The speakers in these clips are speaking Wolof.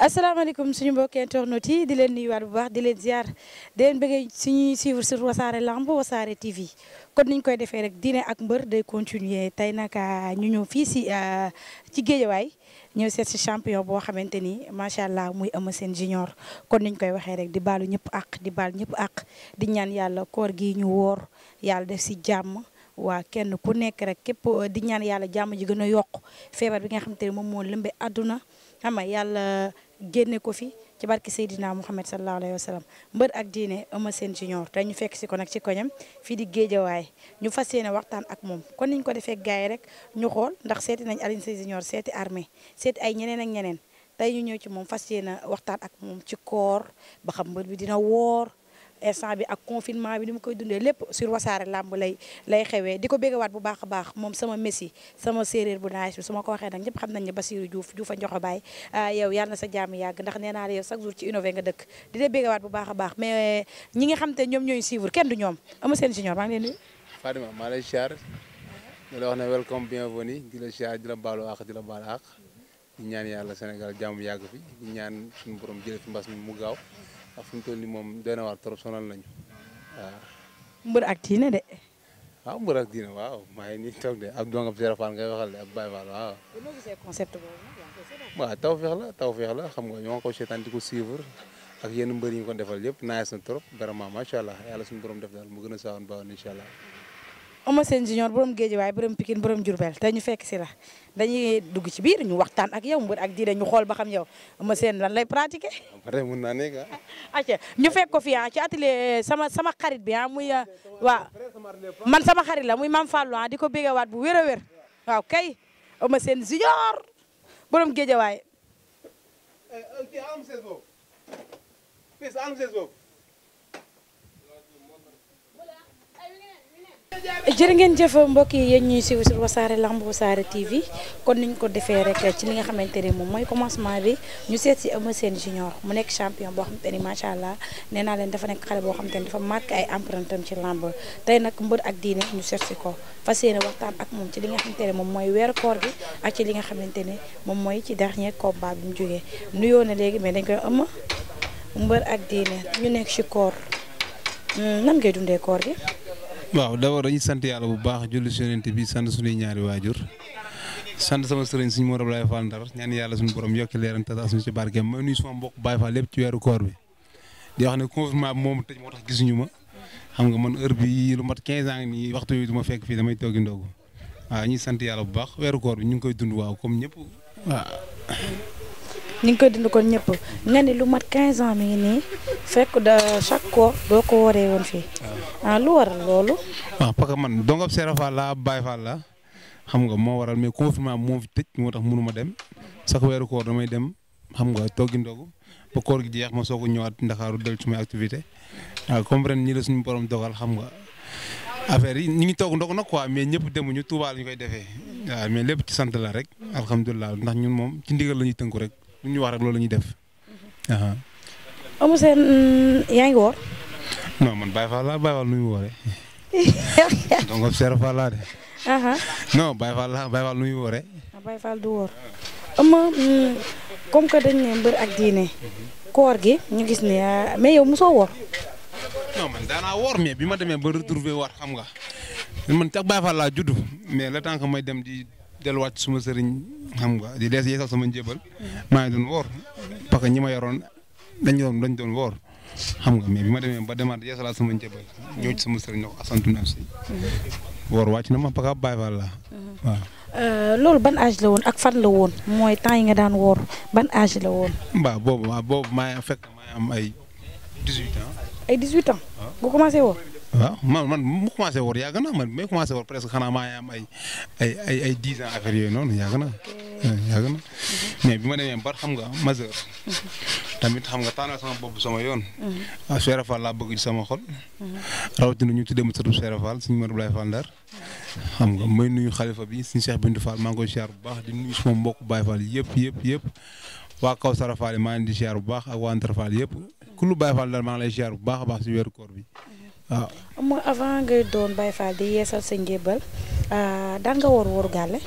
asalaamaaleykum suñu mbokki internautes yi di leen nuyuwaat bu baax di leen ziar di leen bëggee suñuy suivre sur wasaare lamb wasaare TV kon niñ koy defee rek diine ak mbër day continuer tey nag ah, ñu ñëw fii si ah, ci géejawaay ñëw seet si champion boo xamante ni macha allah muy Eumeu seen junior kon niñ koy waxee rek di baalu ñëpp ak di baal ñëpp ak di ñaan yàlla koor gi ñu woor yàlla def si jàmm. waa kenn ku nekk rek képp di ñaan yàlla jàmm ji gën a yokk feebar bi nga xamante ni moom moo lëmbe àdduna xam nga yàlla génne ko fi ci barki Seydina Mouhamed sallallahu alayhi wa sallam mbër ak diine Eumeu Sène Junior te ñu fekk si ko nag ci koñam fii di géejawaay ñu fas yéene waxtaan ak moom kon niñ ko defee gars yi rek ñu xool ndax seeti nañ Alioune Sèye Junior seeti armée seeti ay ñeneen ak ñeneen tey ñu ñëw ci moom fas yéene waxtaan ak moom ci koor ba xam mbër bi dina woor instant bi ak confinement bi ni mu koy dundee lépp sur wasaare làmb lay lay xewee di ko waat bu baax a baax moom sama messi sama séeréer bu naaj bi su ma ko waxee nag ñëpp xam nañ ne Basiirou Diouf Diouf a njoxo baay ah, yow yàlla na sa jàmm yàgg ndax nee naa la yow chaque jour ci innové nga dëkk di dee béggawaat a eh, ñi nga xam te ñoom ñooy suivre kenn du ñoom ama seen junior maa ngi leen nuyu Fadima maa lay siyaar di la wax ne welcome bienvenue di la siyaar di la baalu àq di la baal ñaan yàlla Sénégal jàmm yàgg fi ñaan suñu borom jële fi mbas mi mu gaaw ndax fi mu moom doy na waar trop sonal nañ waaw. mbër ak diine de. waaw mbër ak diine waaw maa ngi nii toog de ak dongam Serap Fall ngay waxal de ak Baye Fall waaw. noo taw concept la waaw tawfeex la xam nga ñoo ngi ko seetaan di ko suivre ak yenn mbër yi ñu ko defal yëpp naaj na trop vraiment macha allah yàlla suñu borom def daal mu gën a saawoon baawoon incha allah. Eumeu Sène junior borom waaye borom Pikine borom Diourbel te ñu fekk si la dañuy dugg ci biir ñu waxtaan ak yow mbër ak diine ñu xool ba xam yow Eumeu Sène lan lay pratiquer. pare mun naa nekk ah. ñu fekk ko fi ah ci atelier eh, sama sama xarit bi ah muy eh, waaw man sama xarit la muy Mame Fallou ah di ko waat bu wér a wér waaw kay Eumeu Sène junior borom Guédiawaye. am eh, jër ngeen jëf mbokk yi yéen ñuy suivre sur wasaare lamb wasaare TV kon niñ ko defee rek ci li nga xamante ne moom mooy commencement bi ñu seet si Eumeu Sène junior mu nekk champion boo xamante ni macha allah nee leen dafa nekk xale boo xamante ni dafa marqué ay empreinte am ci lamb tey nag mbër ak diine ñu seet si ko fas yéene waxtaan ak moom ci li nga xamante ne moom mooy weer koor bi ak ci li nga xamante ne moom mooy ci dernier combat bi mu jógee nuyoo na léegi mais dañ koy ëmm ak diine ñu nekk ci koor hmm, nan ngay dundee koor gi. waaw d'abord dañuy sant yàlla bu baax julli si yonent bi sant suñuy ñaari waajur sant sama sëriñ suñu Mor Abdoulaye Fall Ndar ñaan yàlla suñu borom yokk leeram tasa suñu ci barkeem may nuyu sama mbokk Baye Fall lépp ci weeru koor bi di wax ne confinement bi moom tëj moo tax gisuñu ma xam nga man heure bi lu mat 15 ans nii waxtu bi du ma fekk fii damay toogi ndogu waaw ñuy sant yàlla bu baax weeru koor bi ñu ngi koy dund waaw comme ñëpp waaw ñu ngi koy dund kon ñëpp nga ni lu mat 15 ans mi ngi nii fekk da chaque koor doo ko waree woon fii. Ah. Ah, lu waral loolu. waaw ah, que man donc ab Serap Fall la ab Baye Fall la xam nga moo waral mais confinement moo fi tëj moo tax mënu ma dem chaque weeru koor damay dem xam nga toggi ndogu ba gi jeex ma soog ñëwaat Ndakaaru del sumay activité waaw comprendre ñi la suñu borom dogal xam nga. affaire yi ñu ngi toog ndog nag quoi mais ñëpp demuñu Touba la ñu koy defee waaw mais lépp ci sant la rek alhamdulilah ndax ñun moom ci ndigal la ñuy tënku rek lu ñu wax rek loolu la ñuy def. amu ah, seen mm, yaa woor. non man Baye Fall laa Baye Fall nu muy wooree. donc observe ah, du woor. ama mm, comme que dañ ne mbër ak diine. koor gi ñu gis ne ah, mais yow mosoo woor. non man daanaa woor mais bi ma demee ba retrouver war xam nga man tax Baye Fall laa judd mais le temps que may dem di. delluwaat suma sëriñ xam nga di des yeesal sama njébal maa ngi doon woor parce que ñi ma yoroon dañ doon dañ doon woor xam nga mais bi ma demee ba demaat yeesalaat sama njébal ñëw ci sama sëriñ ñoo ko asantu naa si woor wàcc na ma parce que Baay Faal la waaw euh, loolu ban âge la woon ak fan la woon mooy temps yi nga daan woor ban âge la woon mbaa boobu boobu maa fekk maa am ay dix-huit ans ay dix-huit ans nga commencé woor waaw man man mu commencé woor yàgg na man may commencé woor presque xanaa maa ngi ay ay ay affaire yooyu noonu yàgg na eh, yàgg na mais bi ma demee bar xam nga ma mhm. tamit xam nga tànnal sama bopp sama yoon. Mhm. ah Cheikh Fall laa bëgg ci sama xol. Mhm. rawatina ñu tuddee Moussa Touba Cheikh Fall suñu mër Blay Fall xam nga may nuyu xalifa bi suñu Cheikh Bintou Fall maa ngi bu baax di nuyu sama mbokk Baye Fall yëpp yëpp yëpp. waa kaw Sara Fall maa ngi di siyaar bu baax ak waa Ndar Fall yëpp ku lu Baye Fall Ndar maa ngi lay siyaar bu baax a baax si weeru koor bi. waaw am avant ngay doon Baye Fall di yeesal sa njébbal ah, daan nga woor wooru gàlle.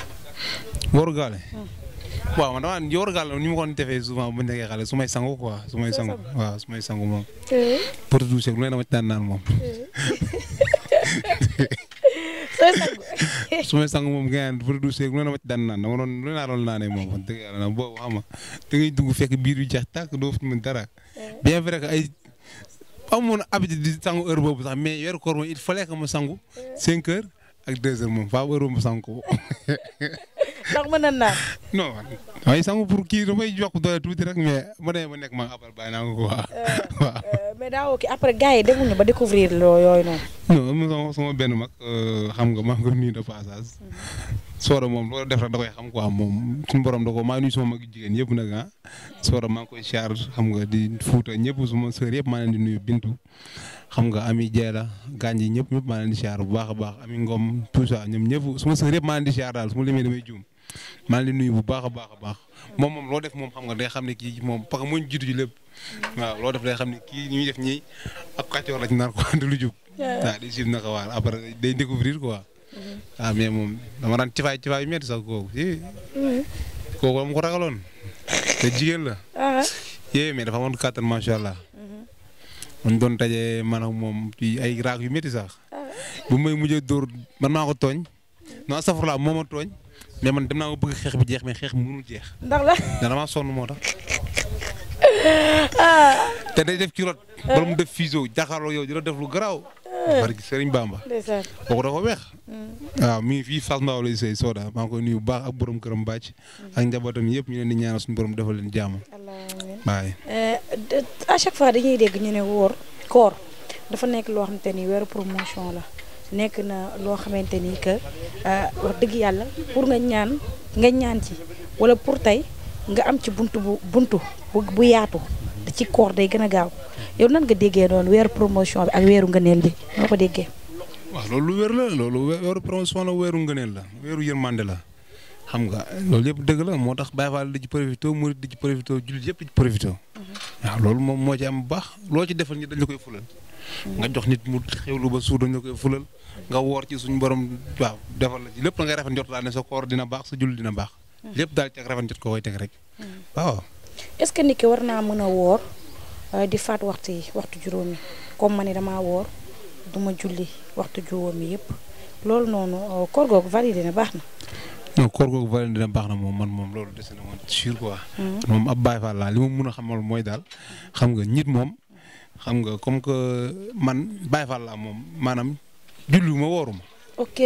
wooru gàlle. Hmm. waaw man damaa yor gàll ni ma ko defee su may sangu quoi su may sangu waaw may sangu moom. pour tout ce lu ne naa ci daan moom. su may sangu moom gën pour ne moom dëgg yàlla boobu nga dugg fekk biir yu jeex tàkk doo fi mën dara. Eh. bien vrai que amoon habitude di sangu heure boobu sax mais weeru koor moom il fallait que mu sangu 5 ak 2 heures moom faaw heure boobu mu sangu ko ndax mën na naan. non sangu pour kii dafay yokk doole tuuti rek mais ma nekk ma abal bàyyi naa ko waa euh, waaw euh, mais daawoo après gars yi demuñu ba découvrir loo noonu. non am na benn mag euh, xam nga maa ngi ko nuyu de moom loolu def da koy xam quoi moom suñu borom da ko maa mag jigéen yëpp nag ah. Soora maa ngi koy charge xam nga di fuuta ñëpp suma sœur yëpp maa leen di nuyu Bintu. xam nga ami jeela gaañ yi ñëpp ñëpp maa leen di siyaar bu baax baax ami ngom tout ça ñoom ñëpp su ma sër yëpp maa leen di siyaar daal su ma limee damay juum maa ngi lay nuyu bu baax a baax a baax moom moom loo def moom xam nga day xam ne kii moom parce que moo ñu lépp waaw loo def day xam ne kii ñuy def ñii ak kàccoor la ci nar ko du lu jub. waaw day siif naka waar après day découvrir quoi. Mm-hmm. Ah, mais moom dama daan cifaay cifaay yu métti sax kooku yee. Mm-hmm. kooku te jigéen la. Ah. yee mais dafa amoon kàttan macha allah. Mm-hmm. man doon tajee man moom ci ay raak yu métti sax. Ah. bu may mujjee dóor man maa ko tooñ. non safurlaa moo tooñ. mais man dem naa ma bëgg xeex bi jeex mais xeex bi mënul jeex. ndax la damaa sonn moo tax. Ah. te day def ci rot. bala mu def fiso jàkkaarloo yow dina def lu garaaw. Ah. barki Serigne Bamba. ndeysaan boo ko dafa weex. Mm. waaw mi ngi fii Fass Mbao lay sëy Soda maa ngi koy nuyu bu baax ak borom këram bàcc. ak njabootam yëpp ñu leen di ñaanal suñu borom defal leen jàmm. waaye. Eh, à chaque fois dañuy dégg ñu ne wóor koor dafa nekk loo xamante ni weeru promotion la. nekk na loo xamante ni que euh, wax dëgg yàlla pour nga ñaan nga ñaan ci wala pour tey nga am ci bunt bu buntu bu yaatu da ci koor day gën a gaaw yow nan nga déggee noonu weeru promotion bi ak weeru ngëneel bi noo ko déggee. waaw loolu lu wér la loolu weeru promotion la weeru ngëneel la la xam nga loolu yëpp dëgg la moo tax Baye Fall di ci profité murid di ci profité jullit yëpp di ci mhm. waaw loolu moom moo ci am bu baax loo ci defal ñi dañ la koy fulal. nga jox nit mu xewlu ba suur dañu koy fulal nga woor ci suñ borom waaw defal la ci lépp la ngay rafet njort daal sa koor dina baax sa jul dina baax hmm. lépp daal ci ak ko koy teg rek hmm. waaw est-ce que nit ki war naa mën a woor euh, di faat waxtu yi waxtu juróomi comme ma ne damaa woor duma julli waxtu juróomi yëpp loolu noonu euh, koor googu validé na baax na non dina baax na moom man moom loolu dese na moom sûr quoi hmm. moom ab Baay Faal laa li ma mën a xamal mooy daal xam nga nit moom xam nga comme que man Baye Fall laa moom maanaam ma wooruma. ok.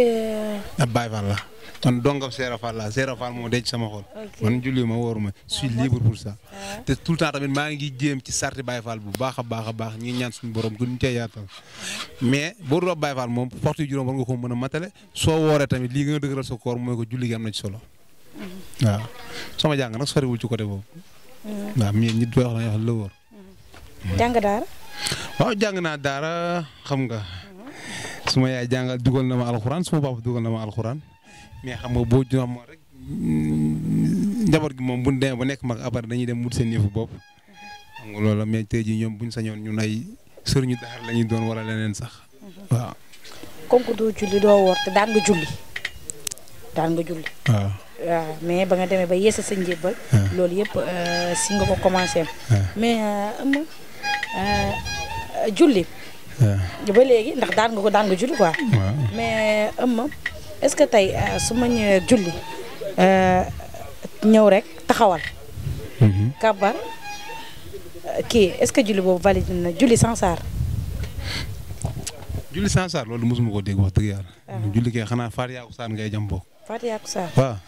ab ah, Baye Fall laa man dongam Seera Fall laa Seera Fall moo denc sama xol. man julliwuma wooruma je suis ah, libre pour sax ah. te tout le temps tamit maa ngi jéem ci sarti Baye Fall bu baax a baax a baax ñu ñaan suñu borom gën cee yaata mais boo dul ab Baye Fall moom waxtu juróom war nga ko mën a matale soo wooree tamit lii nga dëgëral sa koor mooy ko julli gi am ci solo. Mm-hmm. jàng nag ci côté boobu. Mm-hmm. waaw mi nit booy wax la ñuy la wóor. Mm-hmm. waaw jàng naa daara xam nga su ma yaay jàngal dugal na ma alxuraan su ma papa dugal na ma alxuraan mais xam nga boo jox ma rek mm, njaboot gi moom bu ñu demee nekk mag après dañuy dem wut seen yëfu bopp xam nga mais tey jii ñoom bu ñu sañoon ñun ay sëriñu daara la ñuy doon wala leen sax waaw. comme que doo julli doo woor te daan nga julli daan nga mais ba nga demee ba yeesa sa njébbal. loolu yëpp euh, si nga ko commencé. mais euh, Euh, julli. ba léegi ndax daan nga ko daan nga julli quoi. mais ëmma est-ce que tey euh, su ma ñëwee julli euh, ñëw rek taxawal. Mm-hmm. kabar kii est-ce que julli boobu valide na julli sans saar. julli sans saar loolu mosuma ko dégg wax dëgg yàlla. Ah. julli kay xanaa faar yaa usaan ngay jam Fatia ak Sarr. waaw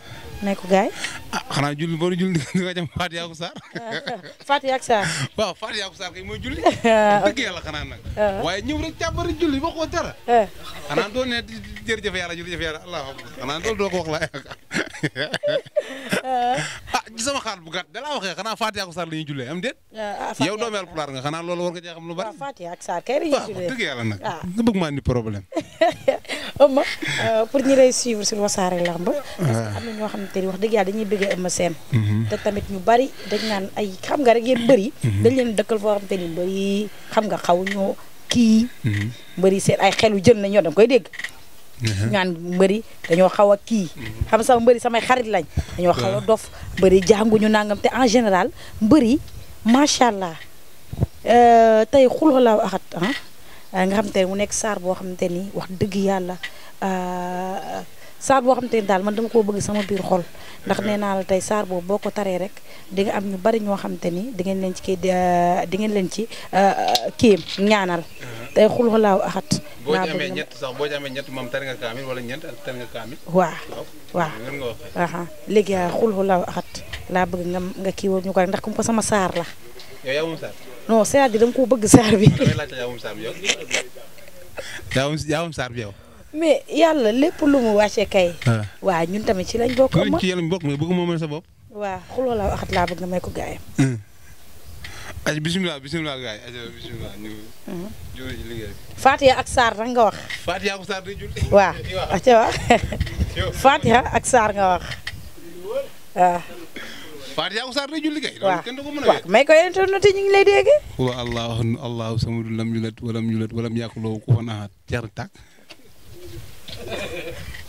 ne ko gaay. ah xanaa julli boo julli di nga jëm Fatia ak Sarr. Fatia ak Sarr. waaw Fatia ak Sarr kay mooy julli. Ah, dëgg yàlla xanaa nag. Ah. waaye ñëw rek càbbari julli waxoo dara. Ah. xanaa doo ne jërëjëf yàlla jërëjëf yàlla allah xanaa doo ko wax la ci sama xaar bu dalaa waxee xanaa Fatiha ak Saar la ñuy jullee am déet. Ah, ah, yow doomu Alpulaar nga xanaa loolu war nga cee lu bari. waaw Fatiha ak Saar kay la ñuy jullee waaw dëgg yàlla ah. nga bëgg maa indi problème. Euh, pour ñi lay suivre sur Wassare Lamb. parce que am na ñoo xam xamante ni wax dëgg yàlla dañuy bëgg Eumeu Sène. Mhm. te tamit ñu bari dañ naan ay xam nga rek yéen bëri. Mhm. dañ leen dëkkal foo xamante ni bëri xam nga xaw ñoo kii. Mhm. bëri seen ay xelu jën na ñoo koy dégg ngaan mhm. mbëri dañoo xaw a kii mhm. xam sama mbëri samay xarit lañ dañoo xaw a mhm. dof mbëri jànguñu nangam te en général mbëri macha allah euh, tey xul xulxalaaw axat ah euh, nga xam te mu nekk saar boo xamante ni wax dëgg yàlla euh, saar boo xam xamante ni daal man dama koo bëgg sama biir xol ndax nee naa la tey saar boobu boo ko taree rek di am ñu bari ñoo xamante ni di leen ci kii di ngeen leen ci kéem ñaanal tey xulxalaaw axat boo ci amee ñett sax boo ci ñett moom tere nga kaamil wala ñeent ak tere nga kaamil. waaw waaw ngeen nga wax. léegi ah, xulxu laa bëgg nga nga kii woon ñu ko rek ndax kum ko sama saar la. yow yaa moom saar. dam koo bëgg saar bi. damay laajte yaa moom saar bi yow. yow. mais yàlla lépp lu mu wàcce kay. waa ñun tamit ci lañ bokk. ma ci yàlla bokk mais bëgg moom sa bopp. waa xuloo la axat laa bëgg nga may ko gaayam aji bisimilah bisimilah gaay aji bisimilah ñu. julli ci liggéey bi. Fatiha ak Saar rek nga wax. Fatiha ak Saar di julli. waaw wax ca wax Fatiha ak Saar nga wax waaw. Fatiha ak Saar di julli kay. waaw waaw may ko internet ñu ngi lay dégg. wa allahu allahu samadu lam yulat walam yulat walam yakul lahu kufuwan ahad jar tàkk.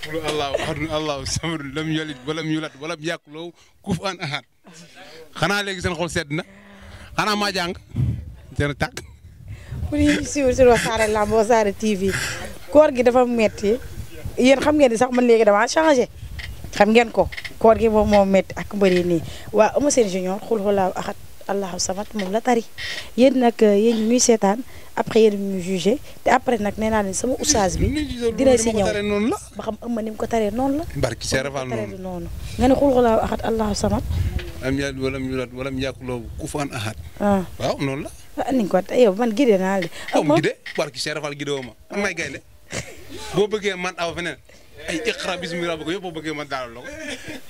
allahu ahadun allahu samadu lam yulit walam yulat walam yakul lahu kufuwan ahad xanaa léegi seen xol sedd na. xanaa maa jàng jërë tàkk. pour ñu ngi suivre sur Wassare Lamb Wassare TV koor gi dafa metti yéen xam ngeen ni sax man léegi damaa changer xam ngeen ko koor gi moom moo metti ak mbëri nii waa Eumeu Sène Junior xul xulaaw axat allahu samat moom la tari yéen nag euh, yéen ñuy seetaan après yéen ñu jugé te après nag nee naa leen sama oustaz bi. dina si ñëw ma xam Eumeu ni mu ko taree noonu la. barki Serapal noonu nga ne xul axat allahu samat am yaat walam yulat walam yàquloo kufuwan ahad. Ah. waaw noonu la. ah ni nga ko man gide naa la. ah gide barki boo bëggee man aw feneen ay iqra bismi rabbika yëpp boo bëggee man daal la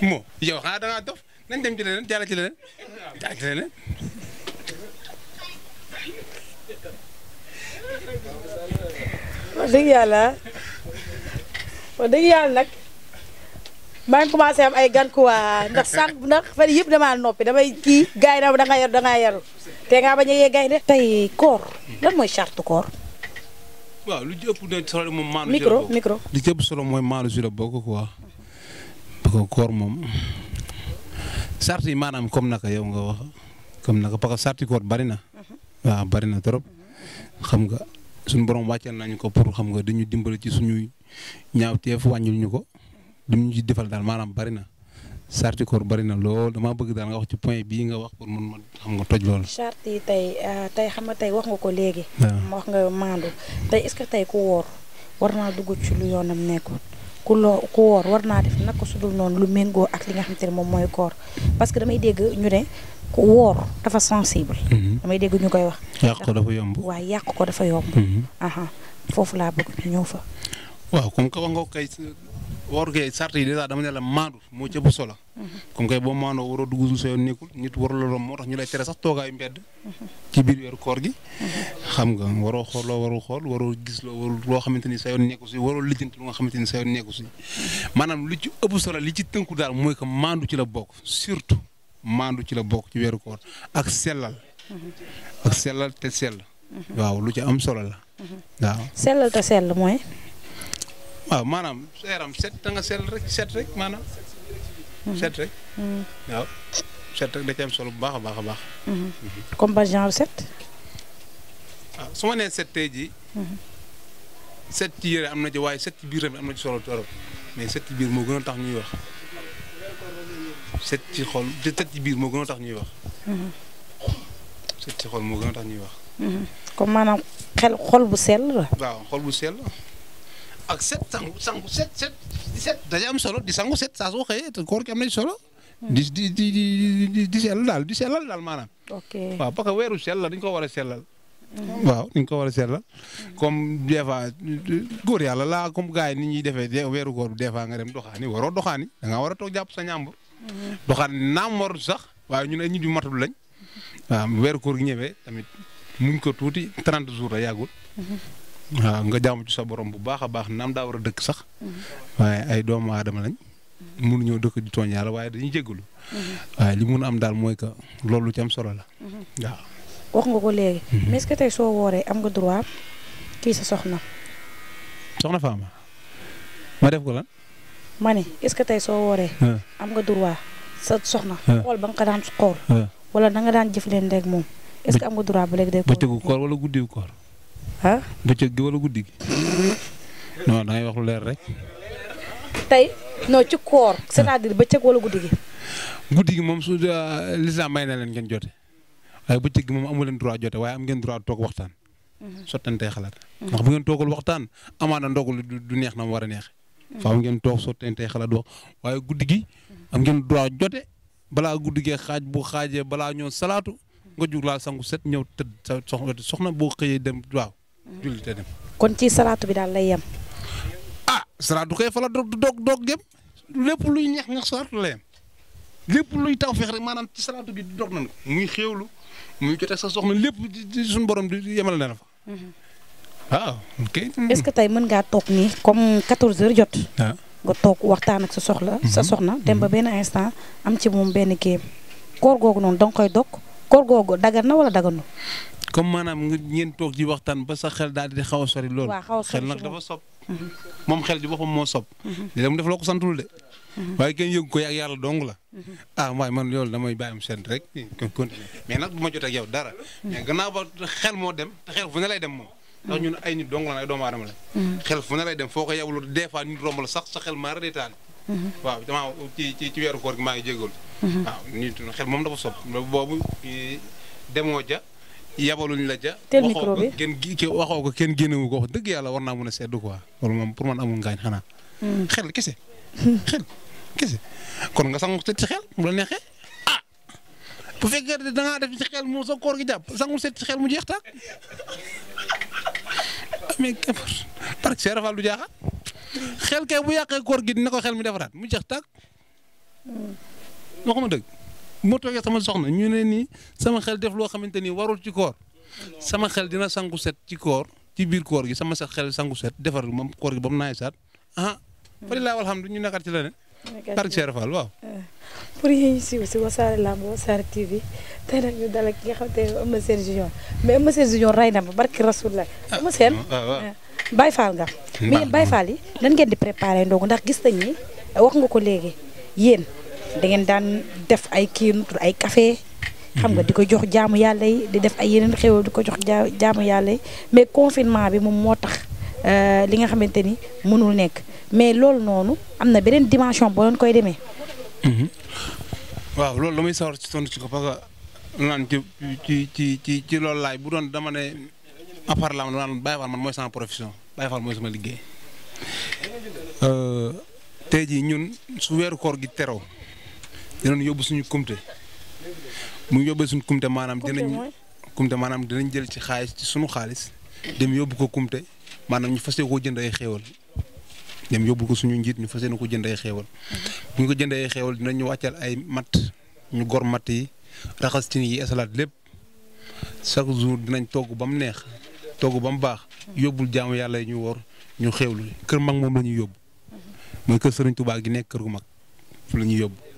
moo yow xanaa da ngaa dof nañ dem ci leneen jaara ci leneen jaara ci leneen. wax dëgg yàlla nag. maa ngi commencé am ay gan quoi ndax sànq ndax fan yëpp damaa noppi damay kii gars yi da dangaa yaru dangaa yaru te ngaa bañ a yee gars de tey koor lan mooy charte koor lu jëpp ne moom maanu micro micro lu jëpp solo mooy maanu si la bokk quoi parce que koor moom charte maanaam comme naka yow nga wax kom naka ko que charte koor bari na mhm. waaw bari na trop xam nga suñu borom wàcceel nañu ko pour xam nga dañu dimbali ci suñuy ñaaw teef wàññul ñu ko li mu ñu defal daal maanaam bari na sartikoor bari na lool damaa bëgg daal nga wax ci point bii nga wax pour mun ma xam nga toj loolu. charte yi tey euh, tey xam nga tey wax nga ko léegi. ma wax nga maandu tey est-ce que tey ku woor war naa dugg ci lu yoonam nekkul. ku loo ku woor war naa def naka su dul noonu lu méngoo ak li nga xam xamante ne moom mooy koor parce que damay dégg ñu ne ku woor dafa sensible. Mhm. damay dégg ñu koy wax. yàq ko dafa yomb. ko dafa yomb. Mhm. foofu laa bëgg ñu fa. or kay sart yi dèjà dama ne maandu moo ci ëpp solo. comme kay boo maandoo waroo dugg sa yoon nekkul nit warul la rom moo tax ñu lay tere sax toogaayu mbedd. ci biir weeru koor gi. xam nga waroo xool warul xool waroo gis loo warul loo ni sa yoon nekku si waroo lijjanti lu nga xamante ni sa yoon nekku si. maanaam lu ci ëpp solo li ci tënku daal mooy que maandu ci la bokk surtout maandu ci la bokk ci weeru koor ak sellal. ak sellal te sell. Mhm. waaw lu ci am solo la. Mhm. waaw sellal te sell mooy. waaw maanaam sa set da nga sel rek set rek maanaam. set rek. waaw set rek da cee am solo bu baax a baax a baax. Mhm. comme ba genre set. waaw ah, su nee set tey mhm. set ci yére am na ci waaye set ci biir tamit am na solo torop mais set biir moo gën a tax ñuy wax. set ci xol set ci biir moo gën a tax ñuy wax. set ci ñuy wax. Mhm. comme maanaam xol bu sell la. waaw xol bu sell. ak set sangu sangu set set di set dañuy am solo di sangu set saa soo xëyee te koor gi am nañ solo. di di di di di sellal daal di sellal daal maanaam. ok waaw parce que weeru sell la dañ ko war a sellal. Mm. waaw ni ñu ko war a seetla comme des fois góor yàlla laa comme gars yi ni ñuy defee weeru góor bi des fois nga dem doxaani waroo doxaani da ngaa war a toog jàpp sa ñàmbur. Mm. doxaani naam warut sax waaye ñun ay nit yu matul lañ waaw weeru koor gi ñëwee tamit muñ ko tuuti 30 jours la yàggul. Mm-hmm. waaw nga jaamu ci sa borom bu baax a baax naam daa war a dëkk sax. Mm-hmm. waaye ay doomu aadama lañ. mënuñoo dëkk di tooñ yàlla waaye dañuy jégalu. Mm-hmm. waaye li mun am daal mooy que loolu ci am solo la. Mm-hmm. waaw. wax nga ko léegi. mais est tey soo wooree am nga droit kii sa soxna. soxna Fama ma def ko lan. ma ne est-ce que tey soo wooree. am nga droit sa soxna. xool ba nga ko daan xool. wala na nga daan jëfandikoo ak moom. est-ce que am nga droit ba léegi day. koor wala guddi koor. ah. bëccëg gi wala guddi gi. da ngay wax leer rek. tey non ci koor. cest guddi gi. moom su euh, lislaam may na leen ngeen jote waaye bëccëg gi moom amu leen droit jote waaye am ngeen droit toog waxtaan. Mhm. sottantee xalaat. Mhm. ndax bu ngeen toogul waxtaan amaana ndogul du neex nam mu war a neex. Mhm. faaw ngeen toog sottantee xalaat wax waaye guddi gi. am ngeen droit jote balaa guddi gee xaaj bu xaajee balaa ñëw salaatu. nga jug laa sangu set ñëw tëdd sa soxna boo xëyee dem waaw. julli kon ci salaatu bi daal lay yem. ah salaatu kay fa la doog doog yem lépp luy ñax ñax salaatu la yem lépp luy taw feex rek maanaam ci salaatu bi doog nañ ko muy xéewlu muy jotee sa soxna lépp ci suñu borom di yemal na la fa. Mm-hmm. waaw tey mën ngaa toog nii comme 14 heures jot. Ah. nga toog waxtaan ak sa soxla. sa mm-hmm. soxna dem ba mm-hmm. benn instant am ci moom benn kéem koor googu noonu danga koy dog koor googu dagan na wala daganul. comme maanaam ngeen toog ci waxtaan ba sa xel daal di xaw a sori lool. xel nag dafa sob moom xel ji a moo sob mhm. léegi mu def loo ko santul de. Mhm. waaye kenn yëgu la. Mhm. ah waaye man loolu damay bàyyi am seen rek kon continué mais nag bu ma jotee ak yow dara. mais gannaaw ba xel moo dem te xel fu ne lay dem moom. ndax ñun ay la ay doomu aadama la. xel fu ne lay dem foo a yablu des fois nit romb la sax sa xel maa reetaan. waaw damaa ci ci ci moom dafa sob boobu eh, demoo ja. yabaluñ la ja. teel micro bi waxoo ko kenn génnewu ko wax dëgg yàlla war naa mën a sedd quoi loolu moom pour man amul ngaañ xanaa. Hmm. xel kese. Hmm. xel kese kon nga sangu set ci xel mu ah! bu fekkee da ngaa def xel mu sa koor gi jàpp sangu set ci xel mu jeex taag mais parce que Cheikh Rafal du jaaxal hmm. xel ke bu yàqee koor gi dina ko xel mi defaraat mu jeex tag ko ma dëgg. moo toogee sama soxna ñu ne nii sama xel def loo xamante ni warul ci koor sama xel dina sangu set ci koor ci biir koor gi sama xel sangu set defar moom koor gi ba mu naay saat ah. fa lillaahi walhamdu ñu nekkat ci la ne. nekkat ci Fall waaw. Eh, pour yéen ñu siiw si wasaare lamb wasaare TV tey nag ñu dalal ki nga xam te ne Eumeu Sène junior mais Eumeu Sène ki rey na ma barki Rasulullah. Eumeu Sène ah, ah, eh, Baye Fall nga. mais Baye yi nan ngeen di préparé ndogu ndax gis nañ ni wax nga ko léegi yéen. da ngeen daan def ay kii nutur ay café xam nga mhm. di ko jox jaamu yàlla yi di def ay yeneen xéwal di ko jox jaamu yàlla yi mais confinement bi moom moo tax euh, li nga xamante ni mënul nekk mais loolu noonu am na beneen dimension boo koy demee. Mhm. waaw loolu damay sawar ci tontu ci ko parce que ci ci ci ci laay bu doon dama ne à part la naan man mooy sama profession Baye Fall mooy sama liggéey. Euh, tey jii ñun su weeru koor gi teroo dinañ yóbbu suñu kumte mu yóbbee suñu kumte maanaam dinañ kumte maanaam dinañ jël ci xaalis ci suñu xaalis dem yóbbu ko kumte maanaam ñu fas koo jënd ay xéewal dem yóbbu ko suñu njiit ñu fas yéene ko jënd ay xéewal mhm. bu ñu ko jënd ay xéewal dinañ ñu wàccal ay matt ñu gor matt yi raxas ci yi esalaat lépp chaque jour dinañ togg ba mu neex togg ba mu baax mhm. yóbbul jaamu yàlla yi ñu woor ñu xéewlu kër mag moom la yóbbu mhm. mooy kër Serigne Touba gi nekk kër gu mag fu la ñuy yóbbu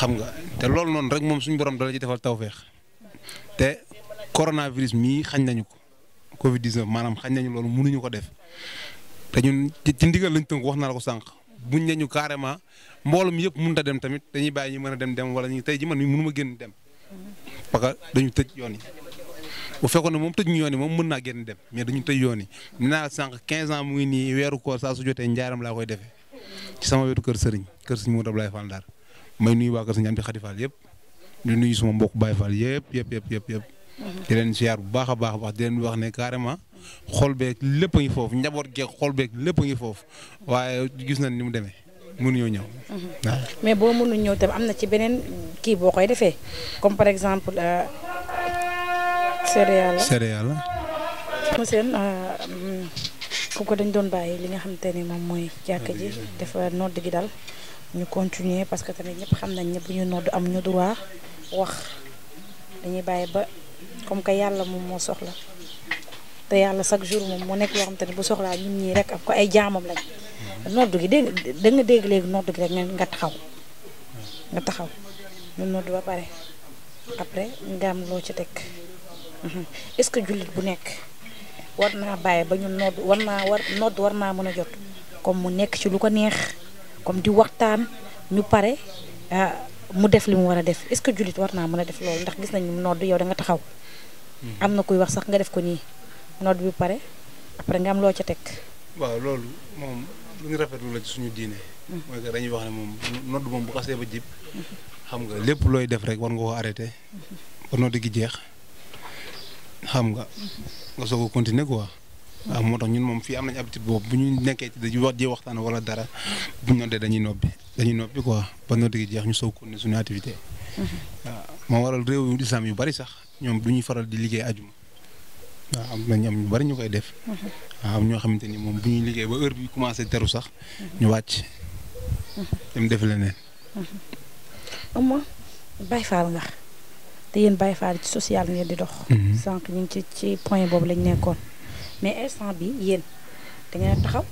xam nga te loolu noonu rek moom suñu borom dala ci defal tawféex te coronavirus mii xañ nañu ko Covid 19 maanaam xañ nañu loolu mënuñu ko def te ñun ci ndigal lañ tënk wax na la ko sànq buñ ne ñu carrément mboolum yëpp mënut a dem tamit dañuy bàyyi ñu mën a dem dem wala ñu tey ji man mii mënuma génn dem parce que dañu tëj yoon yi bu fekkoon ne moom tëj ñu yoon yi moom mën naa génn dem mais dañu tëj yoon yi naa sànq 15 ans mu ngi nii weeru koor saa su jotee njaaram laa koy defee ci sama wetu kër sëriñ kër sëriñ Modou Abdoulaye Fall Ndar may nuyu waa kër Serigne Amdi Khady Fall yëpp di nuyu suma mbokk Baye Fall yëpp yëpp yëpp yëpp yëpp di leen siyaar bu baax a baax wax di leen wax ne carrément xol beeg lépp a ngi foofu njaboot geeg xol beeg lépp a ngi foofu waaye gis na ni mu demee mënuñoo ñëw. waaw mais boo mënul ñëw tam am na ci beneen kii boo koy defee comme par exemple. Euh, céréale céréale. monsieur euh, ku ko dañ doon bàyyi li nga xamante ne moom mooy jàkka ji dafa nodd gi dal ñu continuer parce que tamit ñëpp xam nañ ne bu ñu nodd am ñu droit wax dañuy bàyyi ba comme que yàlla moom moo soxla te yàlla chaque jour moom mu nekk yoo xam te ne soxlaa ñun ñii rek ak ko ay jaamam lañ nodd gi da nga dégg gi rek nga taxaw nga taxaw ñu nodd ba pare après nga am loo ci teg mhm. est-ce que jullit bu nekk war naa bàyyi ba ñu nodd war naa war nodd war naa mën a jot comme mu nekk ci lu ko neex comme di waxtaan ñu pare euh, mu def li mu war a def est-ce que jullit war naa mën a def loolu ndax gis nañu nodd yow da nga taxaw. Mhm. am na kuy wax sax nga def ko nii nodd bi pare après nga am loo ca teg. waaw loolu moom lu rafet lu la suñu diine. Mhm. mooy que dañuy wax ne moom nodd moom bu xasee ba jib. Mhm. xam nga lépp looy def rek war nga ko arrêté. ba nodd gi jeex xam nga nga soog a ko quoi. waaw ah, moo tax ñun moom fii am nañu habitude boobu bu ñu nekkee ci dañuy wax ji waxtaan wala dara bu ñu noddee dañuy noppi dañuy noppi quoi ba noddi gi jeex ñu soog ko ne suñu activité. waaw mm-hmm. ah, moo waral réew islam yu bari sax ñoom du ñuy faral di liggéey ajuma waaw ah, am nañ am ñu bari ñu koy def. Mm-hmm. ñoo xamante ni moom bu ñuy liggéey ba heure bi commencé teru sax. Mm-hmm. ñu wàcc. dem def leneen. Oumar Baye Fall nga te yéen Baye Fall ci social ngeen di dox. sànq ñu ci ci point boobu lañ nekkoon. mais instant bi yéen da a taxaw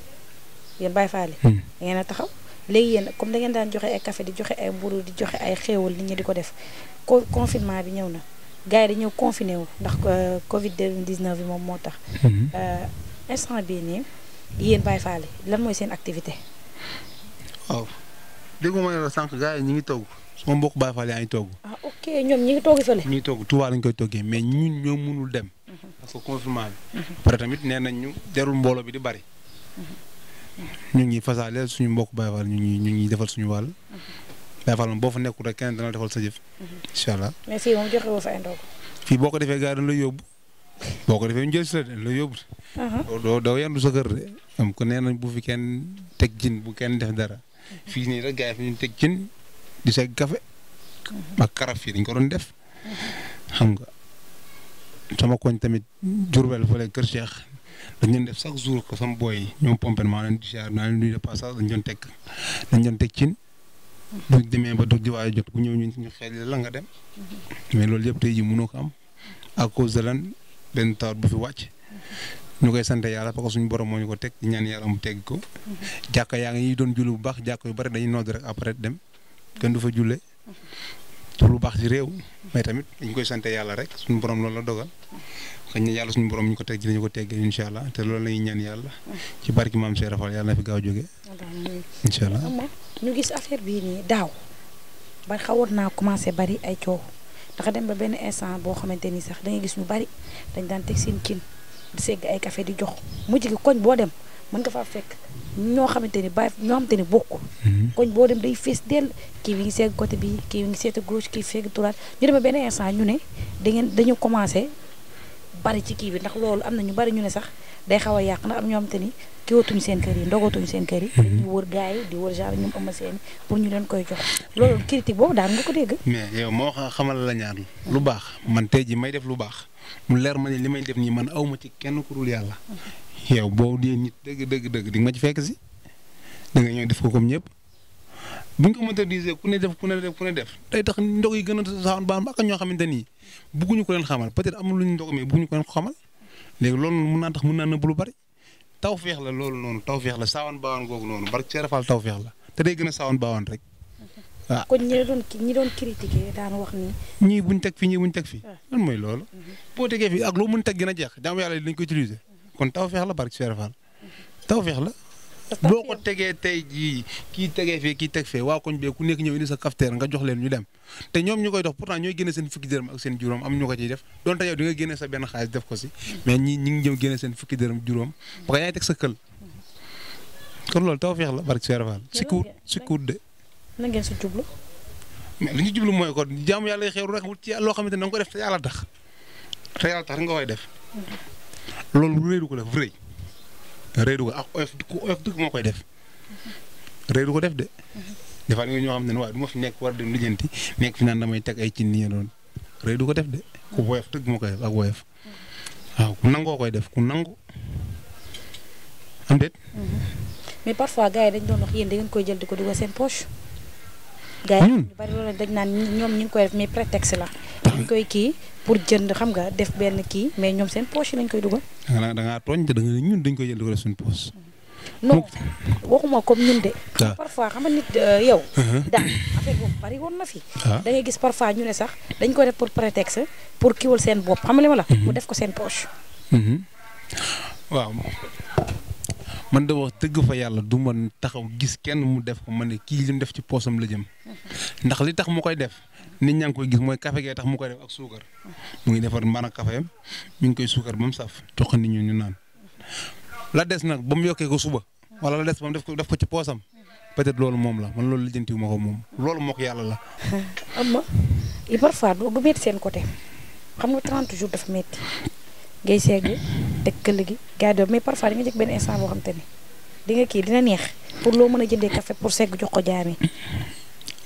yéen Baye Fall hmm. da ngeen a taxaw léegi yéen comme da ngeen daan joxe ay café di joxe ay mburu di joxe ay xewal nit ñi di ko def ko confinement bi ñëw na gars yi di ñëw confiné wu ndax euh, Covid 19 bi moom moo tax. Hmm. Euh, instant bi nii yéen Baye Fall lan mooy seen activité. waaw dégg nga ma ne la sànq gars ñu ngi togg sama mbokk Baye Fall yaa ngi togg. ah ok ñoom ñi ngi togg fële. ñu ngi togg Touba lañ koy toggee mais ñun ñoo mënul dem. parce que confinement mhm. tamit nee nañ ñu jarul mbooloo bi di bari. Mhm. ñu ngi fasaaleel suñu mbokk bay Fall ñu ngi ñu ngi defal suñu wàll. Mhm. Baye Fall moom boo fa nekkul rek kenn dana defal sa jëf. incha allah mais boo ko defee gars dañ lay yóbbu. boo ko defee ñu jël si la dañ lay yóbbu. doo doo yendu sa kër de. am ko nee nañ bu fi kenn teg jën bu kenn def dara. fii nii rek gars yi fi ñu teg jën di segg café. ak karaf fii dañ ko doon def. nga. sama koñ tamit Diourbel fële Kër Cheikh dañ leen def chaque jour ko sama booy ñoom pompé maa leen di ziar naa leen di passage dañ doon teg dañ doon teg cin. bu demee ba dog di waaye jot bu ñëw ñu ñu xel la nga dem. mais loolu yëpp tey ji mënoo ko am à cause de lan benn tawat bu fi wàcc. ñu koy sante yàlla parce que suñu borom moo ñu ko teg di ñaan yàlla mu teg ko. jàkka yaa ngi doon julli bu baax jàkka yu bari dañuy nodd rek après dem kenn du fa julle du lu baax ci réew mais tamit ñu koy sant yàlla rek suñu borom loolu la dogal xëy na yàlla suñu borom ñu ko teg dinañu ko teggee incha allah te loolu la ñuy ñaan yàlla. ci barki maam Cheikh Rafal yàlla na fi gaaw a jógee. incha allah ñu gis affaire bii nii daaw ba xawoon naa commencé bari ay coow ndax dem ba benn instant boo xamante ni sax da gis ñu bari dañ daan teg seen cin di segg ay café di jox mujj gi koñ boo dem mën nga faa fekk. ñoo xamante ni bàyyi ñoo xamante ni ko mhm. koñ boo dem day fees dell kii bi ngi seeg côté bi kii wi ngi seeti gauche kii feeg droite ñu demee benn instant ñu ne da dañu commencé bari ci kii bi ndax loolu am na ñu bari ñu ne sax day xaw a yàq ndax am ñoo xamante ni kiwatuñu seen kër yi ndogatuñu seen kër yi dañuy mhm. wër gars yi di wër genre ñoom am seen pour ñu leen koy jox loolu critique boobu daal nga ko dégg mais yow moo xamal la ñaar lu baax man tey ji may def lu baax mu leer ma ne li may def nii man awma ci kenn ku dul yàlla mhm. yow boo dee nit dëgg dëgg dëgg di nga ma ci fekk si da nga ñëw def ko comme ñëpp bu ñu ko motorisé ku ne def ku ne def def day tax ndog yi gën a saxoon baax ak ñoo xamante ni bëgguñu ko leen xamal peut-être amul lu ñu ndog mais bëgguñu ko leen ko xamal léegi loolu mun naa tax mun naa lu bari taw feex la loolu noonu taw feex la saawan baawaan googu noonu barke Cheikh Fall taw feex la te day gën a saawan baawaan rek. waaw kon ñi doon ñi doon critiquer daan buñ teg fii ñii buñ teg fi. Ah. mooy loolu. Mhm. boo tegee fi ak loo mën teg gën jeex jaamu yàlla dinañ ko utiliser kon tawfeex la barke Cheikh Fall tawfeex la. boo ko tegee tey jii kii tegee fee kii teg waa koñ bee nekk ñëw indi sa cafetière nga jox leen ñu dem te ñoom ñu koy dox pourtant ñooy génne seen fukki ak seen juróom am ñu ko ciy def donte yow di nga génne sa benn def ko si mais ñi ñi ngi ñëw génne seen fukki dërëm juróom ba yaay teg sa kël kon loolu tawfeex la barke Cheikh Fall sikkuut sikkuut de. na li ñu jublu mooy kon jaamu yàlla xeeru rek wut ci loo xamante ne da nga ko def te yàlla tax te yàlla tax nga koy def loolu rëy du ko def rëy rëy du ko ak oyof ku oyof dëgg moo koy def rëy du ko def de. dafa am ñoo xam ne waaye du ma fi nekk war dem lijjanti nekk fi naan damay teg ay cin nii doon rëy du ko def de ku woyof dëgg moo koy def ak woyof waaw ku nangoo koy def ku nangu am déet. mais parfois gars yi dañ doon wax yéen da ngeen koy jël di ko dugal seen poche. gars yi hmm. ñu bari loolu dañ naan ñoom ñu ngi koy def mais prétexte la dañ koy kii pour jënd xam def benn kii mais ñoom seen poche lañ koy dugal da ngaa tooñ te da nga ñun dañ koy jënd dugal suñu poche non waxuma comme ñun de parfois xam nga euh, yow uh-huh. daal affaire boobu bari woon na fi ah. da gis parfois ñu ne sax dañ koy def pour prétexte pour kiwal seen bopp xam nga li ma la uh-huh. mu def ko seen poche uh-huh. waaw man de wax dëgg fa yàlla du man taxaw gis kenn mu def ko ma ne kii li mu def ci poosam la ndax li tax mu koy def nit ñaa ngi koy gis mooy café gee tax mu koy def ak suukar mu ngi defar a caféem mu ngi koy suukar ba mu saf jox ko nit ñu ñu naan. la des nag ba mu yokkee ko suba wala la des ba mu def ko def ko ci poosam peut-être loolu moom la man loolu lijjantiwu ma ko moom loolu moo ko yàlla la. am na du métti seen côté xam nga 30 jours dafa métti. ngay seegg teg këll gi gars yi mais parfois di nga jëg benn instant boo xam te ne di nga kii dina neex pour loo mën a jëndee café pour segg ko jaam yi.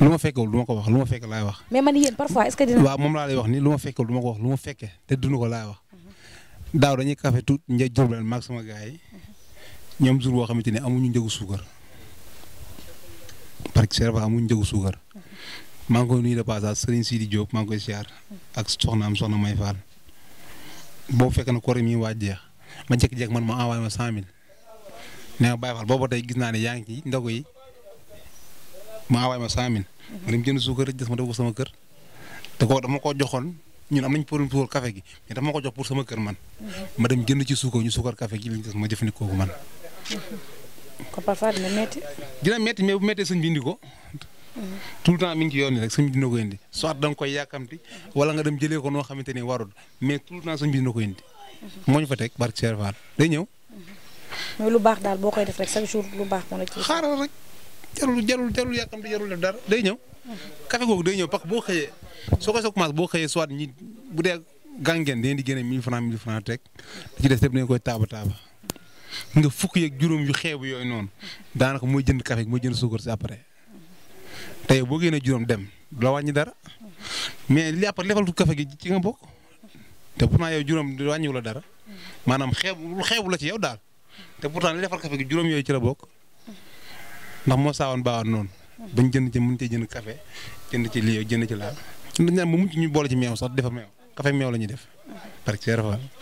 lu ma fekkewul du ma ko wax lu ma fekk laay wax. mais man yéen parfois est-ce que dina. moom laa lay wax ni lu ma fekkewul du ko wax lu ma fekkee te dund ko laay wax mhm. daaw dañuy café tuut njëg jur leen maag sama gars yi mhm. ñoom jur boo xamante ne amuñu njëgu suukar parce que Serap suukar mhm. maa ngi koy nuyu de passage Serigne Sidi Diop maa ngi koy siyaar ak soxnaam soxna May Fall. boobu fekk na koor mi waa jeex ma jékki-jékki man ma envoyé ma 100000 nee ma Baye Fall boobu tey gis naa ne yaa ngi ci ndogu yi ma envoyé ma 100000. ma dem jënd suukar des ma def ko sama kër te kooku dama ko joxoon ñun am nañ pour pour café gi dama ko jox pour sama kër man. ma dem jënd ci suukar ñu suukar café gi li ñu ma jëfandikoo ko man. ko parfois dina métti. dina métti bu méttee sëñ bi ko tout le temps mi ngi ci yoon ni rek sëñ bi ko indi soit da nga koy yàkkamti nga dem jëlee ko noo xamante ni warul mais tout le temps sëñ bi ko indi. moo ñu fa teg barke Cheikh Fall day ñëw. mooy lu baax boo koy def rek baax moo la ci. xaaral rek jarul jarul jarul yàkkamti jarul def dara day ñëw. café googu day ñëw parce que boo xëyee soo ko soo commencé boo xëyee soit ñi bu dee gàngeen dañuy di génne 1000 francs 1000 francs teg li ci des lépp dañu koy nga fukk yeeg juróom yu xeebu yooyu noonu daanaka mooy jënd café mooy jënd suukar si après tey boo génnee juróom dem du la wàññi dara mais li après lefal kafe gi ci nga bokk te pourtant yow juróom du wàññiwu la dara maanaam xeebu xeebu la ci yow daal te pourtant li lefal kafe gi juróom yooyu ci la bokk ndax moo saawoon baawaan noonu. bañ jënd ci mën cee jënd kafe jënd ci lii jënd ci laa. suñu dañu ñu boole ci meew sax defar meew kafe meew la ñuy def. parce que